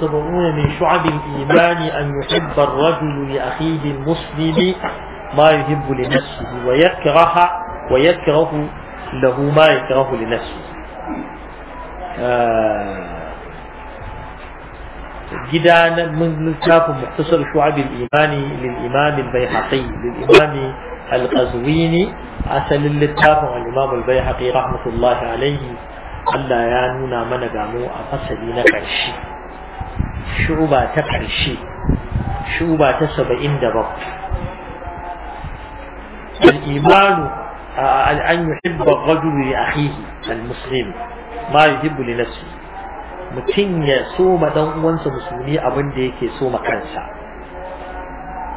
سبعون من شعب الإيمان أن يحب الرجل لأخيه المسلم ما يحب لنفسه ويكره ويكره له ما يكره لنفسه آه، جدا من كتاب مختصر شعب الإيمان للإمام البيهقي للإمام القزويني أسل عن الإمام البيهقي رحمة الله عليه ألا يانونا من دعمو أفسدين كرشي شعوبة تقرشي شعوبة تسب عند رب الإيمان آه، أن يحب الرجل لأخيه المسلم ما يحب لنفسه متين يصوم دون وانس مسلمي أبن ديك يصوم كنسا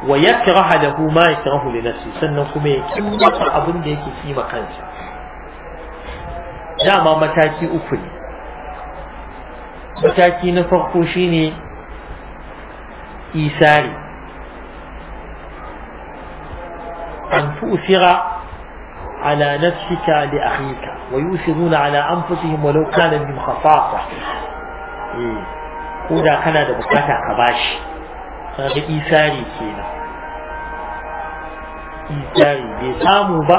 ويكره له ما يكره لنفسه سنكم يكيم مطر أبن ديك يصوم كنسا دعما متاكي أفني mataki na farko shine isari an tu'sira ala nafsika li akhika wa yusiruna ala anfusihim wa law kana bihim khasasa ko da kana da bukata ka bashi sai isari kenan isari bai samu ba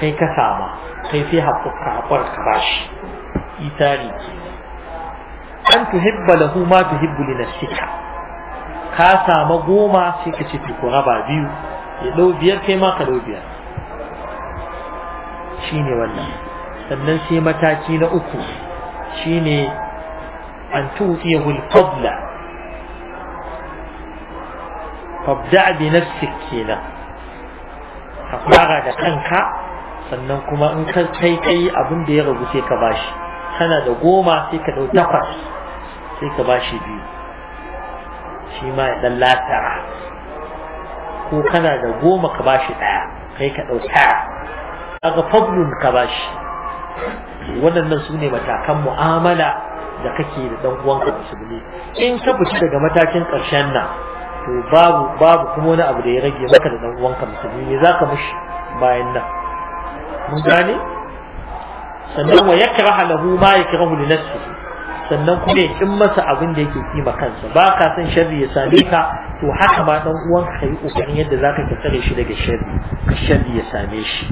kai ka sama kai sai haƙƙa ka bashi isari kenan an tuhibba lahu ma tuhibbu li nafsika ka samu goma sai ka ce ku raba biyu ya dau biyar kai ma ka dau biyar shine wannan sannan sai mataki na uku shine an tuqiyahu al-fadla fabda' bi nafsik kenan ka fara da kanka sannan kuma in ka kai kai abin da ya rabu sai ka bashi kana da goma sai ka dau takwas sai ka ba shi biyu shi ma ya dan latara ko kana da goma ka ba shi ɗaya kai ka dau tara aga fablun ka ba shi waɗannan su ne matakan mu'amala da kake da ɗan uwanka musulmi in ka fita daga matakin ƙarshen nan to babu babu kuma wani abu da ya rage maka da ɗan uwanka musulmi ne zaka mishi bayan nan mun gane sannan wa yakraha lahu ma yakrahu li nafsihi sannan kuma ya masa abin da yake kima kansa ba ka san sharri ya same ka to haka ma dan uwan ka yi kokarin yadda zaka ka tsare shi daga sharri ka sharri ya same shi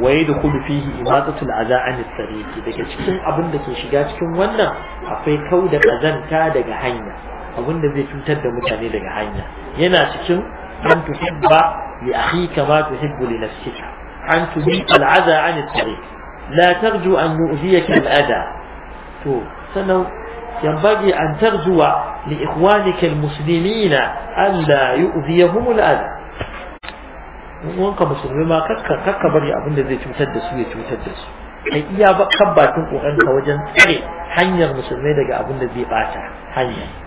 wa yadkhulu fihi imatatul aza an tariqi daga cikin abin da ke shiga cikin wannan akwai kau da kazanta daga hanya abin da zai cutar da mutane daga hanya yana cikin an tuhibba li akhika ma tuhibbu li nafsika an tuhibba al aza an tariqi لا ترجو أن نؤذيك الأذى سنو ينبغي أن ترجو لإخوانك المسلمين ألا يؤذيهم الأذى وانك مسلم ما كك كك بري أبن تمتدس أي إيا كبا أنك وجن تري حنير لك أبن الذي باتا حنير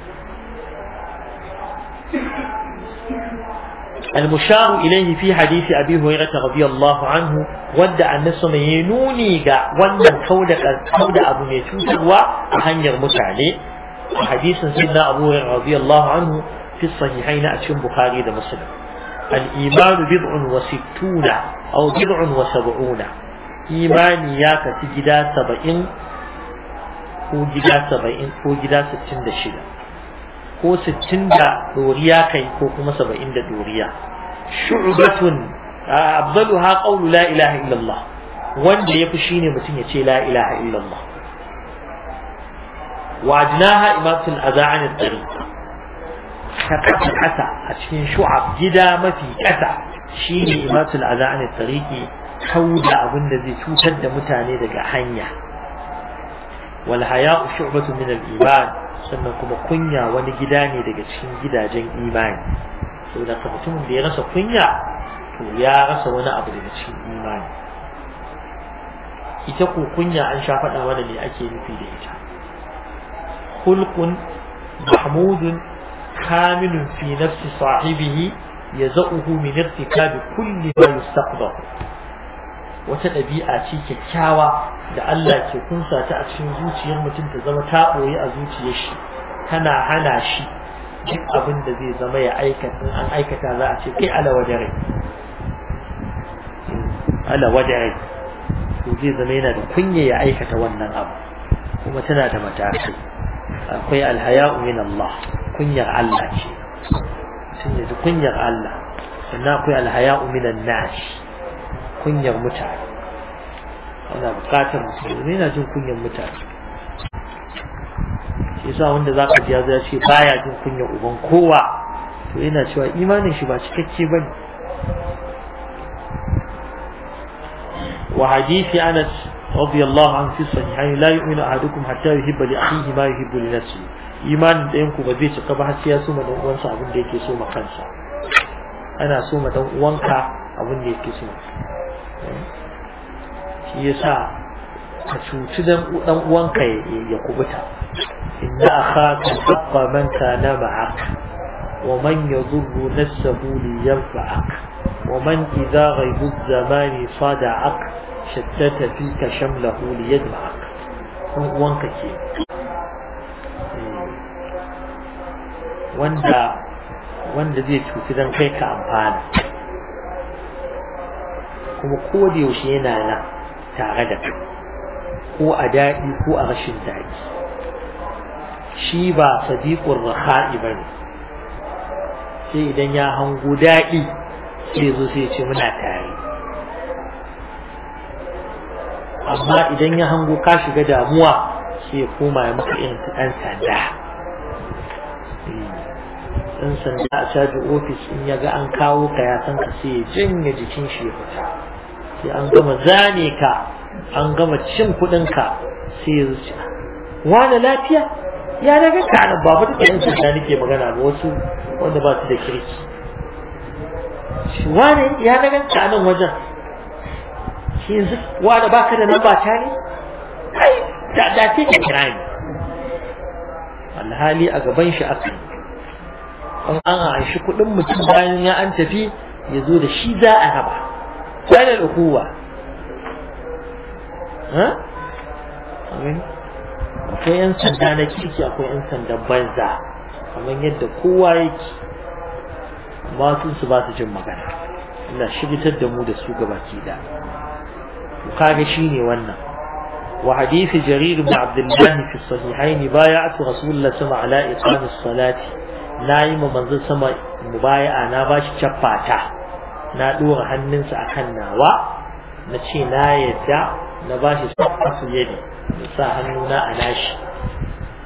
المشار إليه في حديث أبي هريرة رضي الله عنه ودع النسم ينوني قا ودع كود أبو هو وأهنجر المتعلي حديث سيدنا أبو هريرة رضي الله عنه في الصحيحين أتشم بخاري ومسلم مسلم الإيمان بضع وستون أو بضع وسبعون إيمان ياك في سبعين وجدا سبعين وجدا ستين gida ko sittin da doriya kai ko kuma saba'in da doriya shu'batun afdaluha qawlu la ilaha illallah wanda yafi shine mutum ya ce la ilaha illallah wajnaha imatul aza'an at-tariq ta kasa a cikin shu'ab gida mafi kasa shine imatul aza'an at-tariqi kauda abin da zai cutar da mutane daga hanya wal haya'u shu'batun min al-iman sannan kuma kunya wani gida ne daga cikin gidajen imani saboda ka mutumin da ya rasa kunya to ya rasa wani abu daga cikin imani ita ko kunya an sha faɗa mana ne ake nufi da ita hulkun mahmudun kamilun fi nafsi sahibihi yazauhu min irtikabi kulli ma yustaqbal wata ɗabi'a ce kyakkyawa da Allah ke kunsa ta a cikin zuciyar mutum ta zama ta ɓoye a zuciyar shi tana hana shi duk abin da zai zama ya aikata an aikata za a ce kai ala wajare eh, ala wajare to zai zama yana da kunya ya aikata wannan abu kuma tana da matakai akwai alhaya'u min Allah kunyar Allah ce mutum ya ji kunyar Allah sannan akwai alhaya'u min annash kunyar mutane suna bukatar musulmi na jin kunyar mutane shi yasa wanda za ka ya ce baya jin kunyar uban kowa to yana cewa imanin shi ba cikakke ba ne wa hadisi anas radiyallahu an fi sahihain la yu'minu ahadukum hatta yuhibba li akhihi ma yuhibbu li nafsihi imanin ɗayan ku ba zai cika ba har sai ya so ma dan uwansa abin da yake so ma kansa ana so ma dan uwanka abin da yake so shi yasa ka cuci dan uwanka ya kubuta inna akhaka haqqa man na ma'ak wa man yadurru nafsahu li yanfa'ak wa man idha ghaibu zamani sada'ak shattata fika shamlahu li yadma'ak dan uwanka ke eh, wanda wanda zai cuci dan kai ka amfana kuma ko da yaushe yana nan tare da kai ko a daɗi ko a rashin daɗi shi ba sadiqur raha'i bane sai idan ya hango daɗi sai zo sai ce muna tare amma idan ya hango ka shiga damuwa sai ya koma ya maka irin sanda ɗan sanda a caji ofis in ya ga an kawo ka ya san ka sai ya janye jikin shi ya fita sai an gama zane ka an gama cin kuɗin ka sai ya zuci wani lafiya ya daga kana ka nan babu duka yin nake magana ba wasu wanda ba su da kirki wani ya daga kana wajen shi yanzu wani baka da nan ba ta ne kai da da ke kira ni alhali a gaban shi aka yi an an shi kuɗin mutum bayan ya an tafi ya zo da shi za a raba akwai 'yan sanda na kirki akwai 'yan sanda banza kamar yadda kowa yake amma sun su ba jin magana ina shigitar da mu da su ga da ku kaga shine wannan wa hadisi jarir ibn abdullah fi sahihaini bay'atu rasulullah sama ala iqamis salati na yi ma manzon sama mubay'a na ba shi chaffata na dora hannunsa akan nawa na ce na yadda na ba shi sabbasu yadi ya sa hannuna a nashi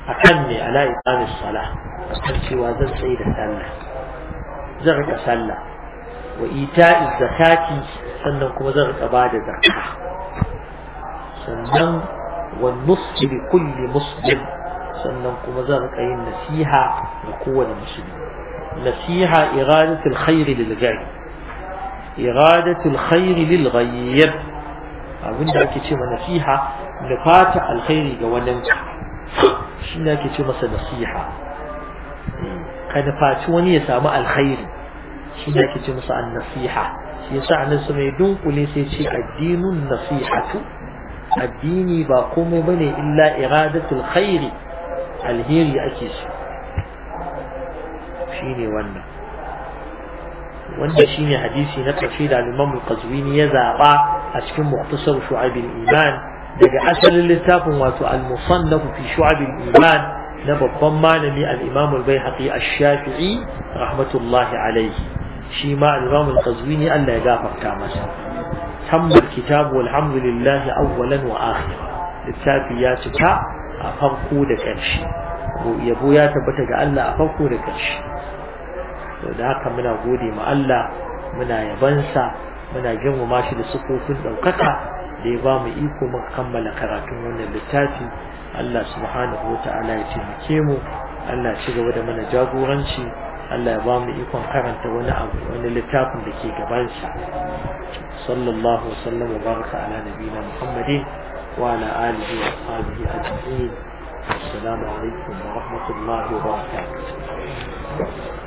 a kan mai ala iqamis sala a kan cewa zan tsaye da sallah zan rika sallah wa ita zakati sannan kuma zan rika ba da zakka sannan wa nusfi li kulli muslim sannan kuma zan rika yin nasiha ga kowane musulmi nasiha iradatul khairi lil gari iradatul khairi lil abinda ake ce ma nasiha da fata alkhairi ga wannan shi ake ce masa nasiha ka nufaci wani ya samu alkhairi shi ne ake ce masa an-nasiha shi yasa annabi sai mai dunkule sai ce addinun nasihatu addini ba komai bane illa iradatul khairi alheri ake so shine wannan wanda shine hadisi na ƙarshe da al-Imam al-Qazwini ya zaba a cikin muktasar Shu'ab al-Iman daga asalin littafin wato al-Musannaf fi Shu'ab al-Iman na babban malami al-Imam al-Baihaqi ash-Shafi'i rahmatullahi alayhi shi ma al-Imam al-Qazwini Allah ya gafarta masa tammal kitabu walhamdulillah awwalan wa littafi ya cika a farko da ƙarshe yabo ya tabbata ga Allah a farko da ƙarshe to da haka muna gode ma Allah muna yabansa muna girmama shi da sufofin ɗaukaka da ya ba mu iko muka kammala karatun wannan littafi Allah subhanahu wa ta'ala ya taimake mu Allah ci gaba da mana jagoranci Allah ya ba mu ikon karanta wani abu wani littafin da ke gabansa sallallahu wasallam wa baraka ala nabiyina muhammadin wa ala alihi wa ashabihi ajma'in assalamu alaikum wa rahmatullahi wa barakatuh